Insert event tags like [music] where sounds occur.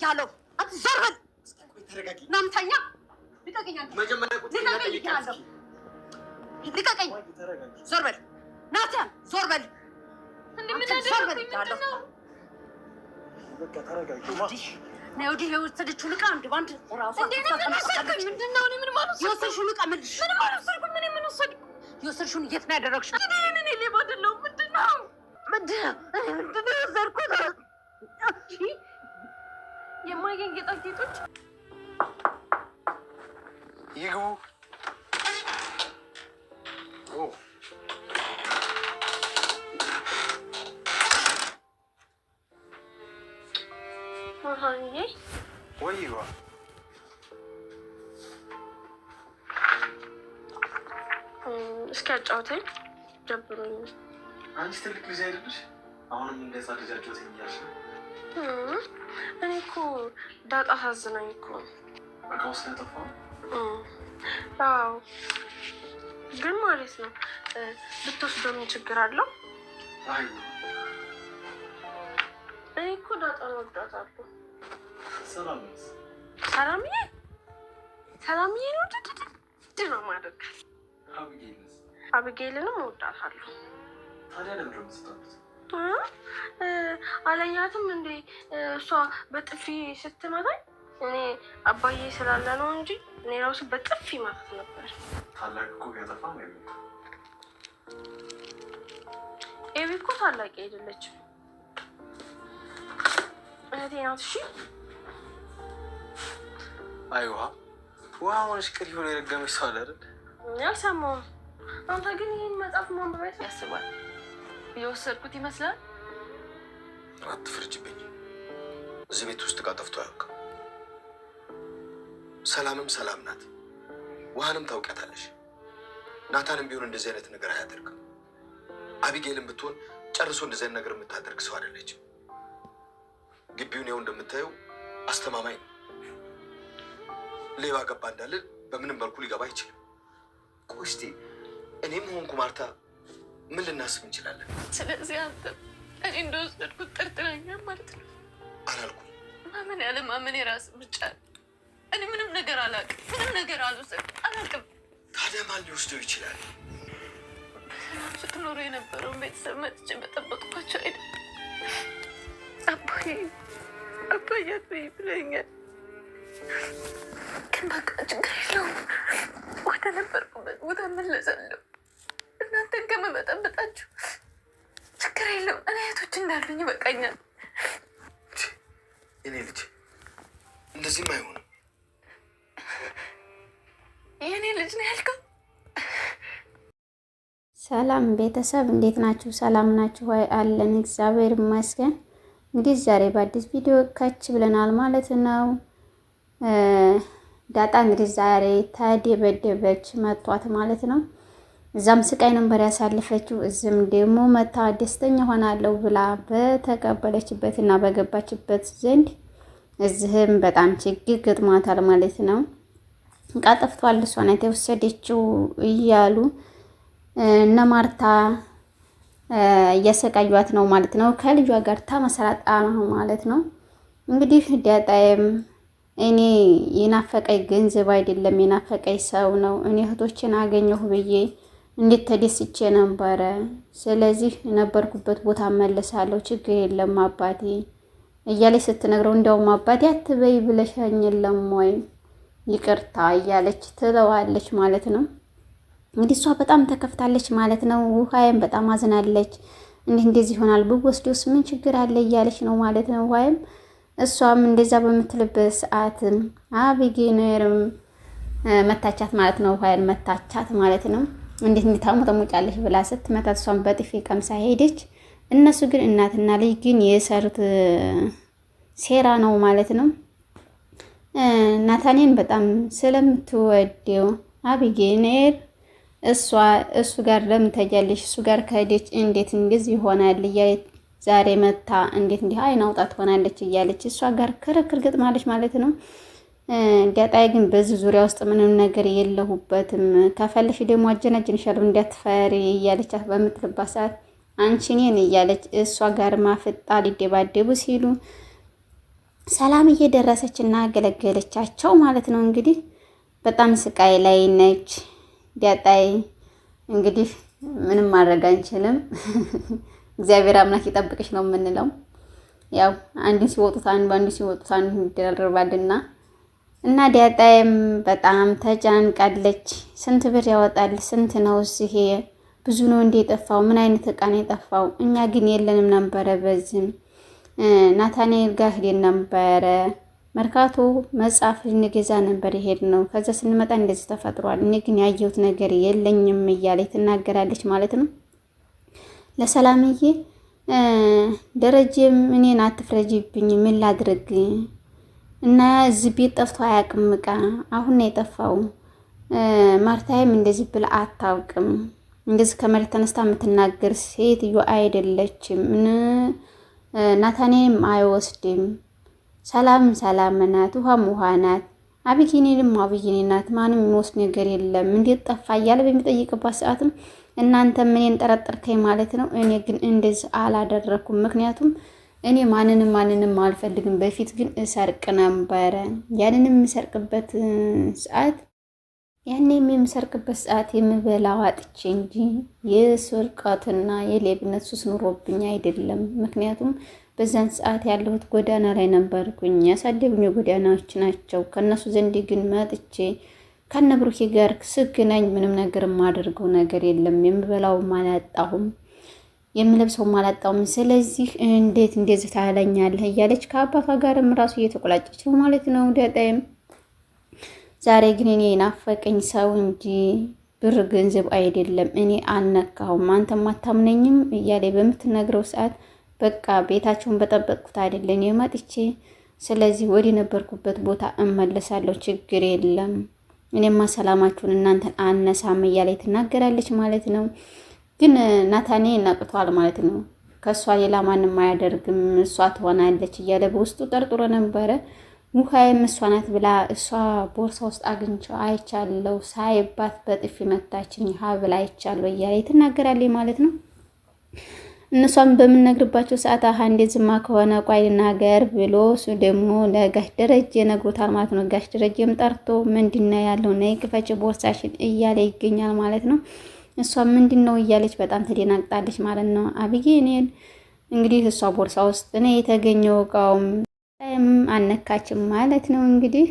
እያለሁ አትዘርበን። ናምተኛ ልቀቀኝ፣ ልቀቀኝ፣ ዞር በል ናትያን፣ ዞር በል የወሰድሽውን ነው ያደረግሽው? ጌጌ ጌጣጌጦች ይግቡ። ወይ እስኪ አጫውተኝ ደብሮኝ። አንቺ ትልቅ ልጅ አይደለሽ? አሁንም እንደዛ ልጅ አጫውተኝ እያልሽ ነው እኔ እኮ ዳጣ ሳዝናኝ እኮ አዎ፣ ግን ማለት ነው ብትወስዶ ምን ችግር አለው? እኔ እኮ ዳጣን ወዳታለሁ። ሰላምዬ ሰላምዬ ነው ድድድ ነው ማድረግ አብጌልንም ወዳታለሁ። ስትሆነ አላያትም እንዴ? እሷ በጥፊ ስትመታኝ እኔ አባዬ ስላለ ነው እንጂ እኔ ራሱ በጥፊ ማለት ነበር። ታላቅ እኮ ያጠፋ ኤቢ እኮ ታላቅ አይደለችም፣ እህቴ ናት። እሺ አይ ውሃ ውሃ ቅሪ ሆነ የረገመች ሰው አለ አይደል? አልሰማሁም። አንተ ግን ይህን መጽሐፍ ማንበብ ያሳስባል። የወሰድኩት ይመስላል። አትፍርጅብኝ። እዚህ ቤት ውስጥ እቃ ጠፍቶ አያውቅም። ሰላምም ሰላም ናት። ውሃንም ታውቂያታለሽ። ናታንም ቢሆን እንደዚህ አይነት ነገር አያደርግም። አቢጌልም ብትሆን ጨርሶ እንደዚህ አይነት ነገር የምታደርግ ሰው አይደለችም። ግቢውን ያው እንደምታየው አስተማማኝ ነው። ሌባ ገባ እንዳለን በምንም መልኩ ሊገባ አይችልም። ቆይ እስቲ እኔም ሆንኩ ማርታ ምን ልናስብ እንችላለን? ስለዚህ አንተ እኔ እንደወሰድኩት ጠርጥረኛል ማለት ነው። አላልኩም። ማመን ያለ ማመን የራስ ምርጫ። እኔ ምንም ነገር አላውቅም፣ ምንም ነገር አልወሰድኩም፣ አላውቅም። ታዲያ ማን ሊወስደው ይችላል? ስትኖሩ የነበረውን ቤተሰብ መጥቼ መጠበቅኳቸው አይደ አባዬ አባያት በይ ግን በቃ ችግር የለውም፣ ወደ ነበርኩበት ቦታ መለሳለሁ። እናንተን ከመበጠበጣችሁ ችግር የለም። እኔ እህቶች እንዳሉኝ ይበቃኛል። እኔ ልጅ እንደዚህም አይሆንም። የእኔ ልጅ ነው ያልከው። ሰላም ቤተሰብ፣ እንዴት ናችሁ? ሰላም ናችሁ? አለን እግዚአብሔር ይመስገን። እንግዲህ ዛሬ በአዲስ ቪዲዮ ከች ብለናል ማለት ነው። ዳጣ እንግዲህ ዛሬ ተደበደበች መቷት ማለት ነው። እዛም ስቃይ ነበር ያሳለፈችው። እዚህም ደግሞ መታ ደስተኛ ሆናለሁ ብላ በተቀበለችበት እና በገባችበት ዘንድ እዚህም በጣም ችግር ገጥሟታል ማለት ነው። እቃ ጠፍቷል፣ እሷ ናት የወሰደችው እያሉ እነ ማርታ እያሰቃዩት ነው ማለት ነው። ከልጇ ጋር ታመሰራጣ ነው ማለት ነው። እንግዲህ ዳጣዬም እኔ የናፈቀኝ ገንዘብ አይደለም የናፈቀኝ ሰው ነው። እኔ እህቶችን አገኘሁ ብዬ እንዴት ተደስቼ ነበረ። ስለዚህ የነበርኩበት ቦታ መለሳለሁ፣ ችግር የለም አባቴ እያለች ስትነግረው እንዲያውም አባቴ አትበይ ብለሻኝ የለም ወይ ይቅርታ እያለች ትለዋለች ማለት ነው። እንግዲህ እሷ በጣም ተከፍታለች ማለት ነው። ውሃይም በጣም አዝናለች። እንዲህ እንደዚህ ይሆናል ብወስዶስ ምን ችግር አለ እያለች ነው ማለት ነው። ውሃይም እሷም እንደዛ በምትልበት ሰዓት አቢጌነርም መታቻት ማለት ነው። ውሃይን መታቻት ማለት ነው። እንዴት እንዲታሙ ተሞጫለሽ ብላ ስትመታት እሷን በጥፊ ቀምሳ ሄደች። እነሱ ግን እናትና ልጅ ግን የሰሩት ሴራ ነው ማለት ነው። ናታኔን በጣም ስለምትወደው አቢጌኔር እሷ እሱ ጋር ለምን ተጃለሽ? እሱ ጋር ከሄደች እንዴት እንግዝ ይሆናል እያለች ዛሬ መታ እንዴት እንዲህ አይናውጣ ትሆናለች እያለች እሷ ጋር ክርክር ግጥማለች ማለት ነው። ገጣይ ግን በዚህ ዙሪያ ውስጥ ምንም ነገር የለሁበትም፣ ከፈለሽ ደግሞ አጀናጅንሻለሁ እንዳትፈሪ እያለቻት በምትልባት ሰዓት አንቺ እኔን እያለች እሷ ጋር ማፍጣ ሊደባደቡ ሲሉ ሰላም እየደረሰች እና አገለገለቻቸው ማለት ነው። እንግዲህ በጣም ስቃይ ላይ ነች ዳጣይ። እንግዲህ ምንም ማድረግ አንችልም። [laughs] እግዚአብሔር አምላክ ይጠብቅሽ ነው የምንለው። ያው አንዱ ሲወጡት አንዱ አንዱ ሲወጡት አንዱ ይደራረባልና እና ዳጣዬም በጣም ተጨንቃለች። ስንት ብር ያወጣል? ስንት ነው ይሄ? ብዙ ነው እንዴ የጠፋው? ምን አይነት እቃ ነው የጠፋው? እኛ ግን የለንም ነበረ። በዚህም ናታኔል ጋር ሄደን ነበረ መርካቶ መጽሐፍ ልንገዛ ነበር ይሄድ ነው። ከዛ ስንመጣ እንደዚህ ተፈጥሯል። እኔ ግን ያየሁት ነገር የለኝም እያለ ትናገራለች ማለት ነው ለሰላምዬ። ደረጀም እኔን አትፍረጅብኝ፣ ምን ላድርግ እና እዚህ ቤት ጠፍቶ አያውቅም። እቃ አሁን ነው የጠፋው። ማርታይም እንደዚህ ብላ አታውቅም። እንደዚህ ከመሬት ተነስታ የምትናገር ሴትዮ አይደለችም። ናታኔም አይወስድም። ሰላም ሰላም ናት፣ ውሃም ውሃ ናት፣ አብጊኔንም አብጊኔ ናት። ማንም የሚወስድ ነገር የለም። እንዴት ጠፋ እያለ በሚጠይቅባት ሰዓትም እናንተ ምን ጠረጠርከኝ ማለት ነው። እኔ ግን እንደዚህ አላደረኩም። ምክንያቱም እኔ ማንንም ማንንም አልፈልግም። በፊት ግን እሰርቅ ነበረ። ያንን የምሰርቅበት ሰዓት ያንንም የምሰርቅበት ሰዓት የምበላው አጥቼ እንጂ የስርቀትና የሌብነት ሱስ ኑሮብኝ አይደለም። ምክንያቱም በዛን ሰዓት ያለሁት ጎዳና ላይ ነበርኩኝ። ያሳደጉኝ ጎዳናዎች ናቸው። ከእነሱ ዘንድ ግን መጥቼ ከነብሩኬ ጋር ስገናኝ ምንም ነገር የማደርገው ነገር የለም። የምበላውም አላጣሁም። የምለብሰው አላጣውም። ስለዚህ እንዴት እንደዚህ ታለኛለህ እያለች ከአባቷ ጋርም ራሱ እየተቆላጨች ነው ማለት ነው ዳጣዬም። ዛሬ ግን እኔ ናፈቀኝ ሰው እንጂ ብር ገንዘብ አይደለም፣ እኔ አልነካሁም፣ አንተም አታምነኝም እያለ በምትነግረው ሰዓት በቃ ቤታቸውን በጠበቅኩት አይደለም የመጥቼ ስለዚህ ወደ ነበርኩበት ቦታ እመለሳለሁ፣ ችግር የለም፣ እኔማ ሰላማችሁን እናንተን አነሳም እያለ ትናገራለች ማለት ነው። ግን ናታኔ እናቅቷል ማለት ነው። ከእሷ ሌላ ማንም አያደርግም እሷ ትሆናለች እያለ በውስጡ ጠርጥሮ ነበረ። ሙካይም እሷ ናት ብላ እሷ ቦርሳ ውስጥ አግኝቼው አይቻለው ሳይባት በጥፊ መታችኝ ሀብል አይቻለሁ እያለ ትናገራለች ማለት ነው። እነሷም በምንነግርባቸው ሰዓት አሀ ዝማ ከሆነ ቋይ ልናገር ብሎ እሱ ደግሞ ለጋሽ ደረጀ ነግሮታል ማለት ነው። ጋሽ ደረጀም ጠርቶ ምንድነው ያለው ነይ ክፈች ቦርሳሽን እያለ ይገኛል ማለት ነው። እሷ ምንድን ነው እያለች በጣም ተደናቅጣለች ማለት ነው። አብዬ እኔ እንግዲህ እሷ ቦርሳ ውስጥ እኔ የተገኘው እቃውም አነካችም ማለት ነው እንግዲህ